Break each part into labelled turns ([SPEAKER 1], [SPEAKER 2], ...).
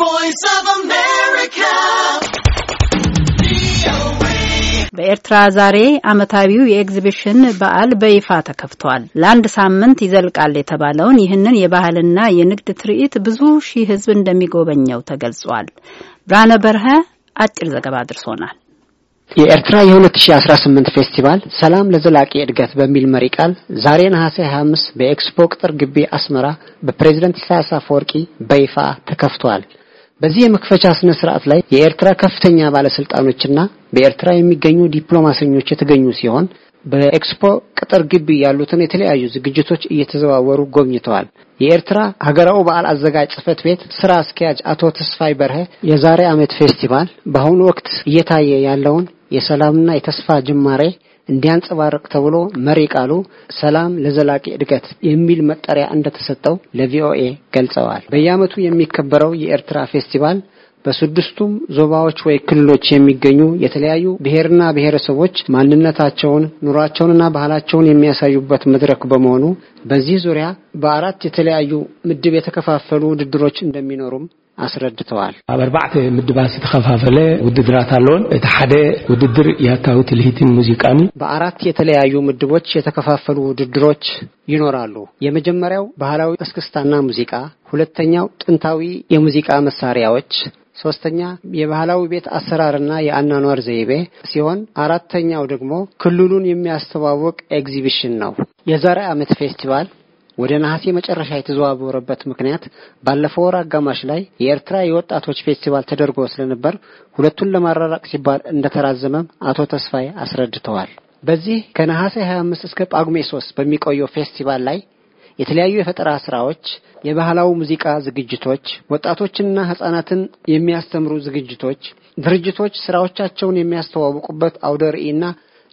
[SPEAKER 1] voice of America. በኤርትራ ዛሬ ዓመታዊው የኤግዚቢሽን በዓል በይፋ ተከፍቷል። ለአንድ ሳምንት ይዘልቃል የተባለውን ይህንን የባህልና የንግድ ትርኢት ብዙ ሺህ ሕዝብ እንደሚጎበኘው ተገልጿል። ብርሃነ በርሀ አጭር ዘገባ አድርሶናል።
[SPEAKER 2] የኤርትራ የ2018 ፌስቲቫል ሰላም ለዘላቂ እድገት በሚል መሪ ቃል ዛሬ ነሐሴ 25 በኤክስፖ ቅጥር ግቢ አስመራ በፕሬዝደንት ኢሳያስ አፈወርቂ በይፋ ተከፍቷል። በዚህ የመክፈቻ ስነ ስርዓት ላይ የኤርትራ ከፍተኛ ባለስልጣኖችና በኤርትራ የሚገኙ ዲፕሎማሰኞች የተገኙ ሲሆን በኤክስፖ ቅጥር ግቢ ያሉትን የተለያዩ ዝግጅቶች እየተዘዋወሩ ጎብኝተዋል። የኤርትራ ሀገራዊ በዓል አዘጋጅ ጽህፈት ቤት ስራ አስኪያጅ አቶ ተስፋይ በርሀ የዛሬ ዓመት ፌስቲቫል በአሁኑ ወቅት እየታየ ያለውን የሰላምና የተስፋ ጅማሬ እንዲያንጸባርቅ ተብሎ መሪ ቃሉ ሰላም ለዘላቂ እድገት የሚል መጠሪያ እንደተሰጠው ለቪኦኤ ገልጸዋል። በየዓመቱ የሚከበረው የኤርትራ ፌስቲቫል በስድስቱም ዞባዎች ወይ ክልሎች የሚገኙ የተለያዩ ብሔርና ብሔረሰቦች ማንነታቸውን፣ ኑሯቸውንና ባህላቸውን የሚያሳዩበት መድረክ በመሆኑ በዚህ ዙሪያ በአራት የተለያዩ ምድብ የተከፋፈሉ ውድድሮች እንደሚኖሩም አስረድተዋል። ኣብ ኣርባዕተ ምድባት ዝተኸፋፈለ ውድድራት ኣለዎን እቲ ሓደ ውድድር ያታዊ ትልሂትን ሙዚቃን በአራት የተለያዩ ምድቦች የተከፋፈሉ ውድድሮች ይኖራሉ። የመጀመሪያው ባህላዊ እስክስታና ሙዚቃ፣ ሁለተኛው ጥንታዊ የሙዚቃ መሳሪያዎች ሶስተኛ የባህላዊ ቤት አሰራርና የአኗኗር ዘይቤ ሲሆን አራተኛው ደግሞ ክልሉን የሚያስተዋውቅ ኤግዚቢሽን ነው። የዛሬ ዓመት ፌስቲቫል ወደ ነሐሴ መጨረሻ የተዘዋወረበት ምክንያት ባለፈው ወር አጋማሽ ላይ የኤርትራ የወጣቶች ፌስቲቫል ተደርጎ ስለነበር ሁለቱን ለማራራቅ ሲባል እንደተራዘመም አቶ ተስፋዬ አስረድተዋል። በዚህ ከነሐሴ 25 እስከ ጳጉሜ 3 በሚቆየው ፌስቲቫል ላይ የተለያዩ የፈጠራ ስራዎች፣ የባህላዊ ሙዚቃ ዝግጅቶች፣ ወጣቶችና ህጻናትን የሚያስተምሩ ዝግጅቶች፣ ድርጅቶች ስራዎቻቸውን የሚያስተዋውቁበት አውደ ርዕይና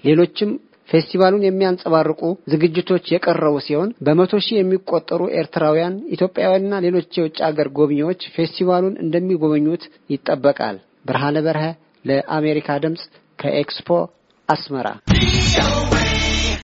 [SPEAKER 2] ሌሎችም ፌስቲቫሉን የሚያንጸባርቁ ዝግጅቶች የቀረቡ ሲሆን በመቶ ሺህ የሚቆጠሩ ኤርትራውያን፣ ኢትዮጵያውያንና ሌሎች የውጭ አገር ጎብኚዎች ፌስቲቫሉን እንደሚጎበኙት ይጠበቃል። ብርሃነ በርሀ ለአሜሪካ ድምፅ ከኤክስፖ አስመራ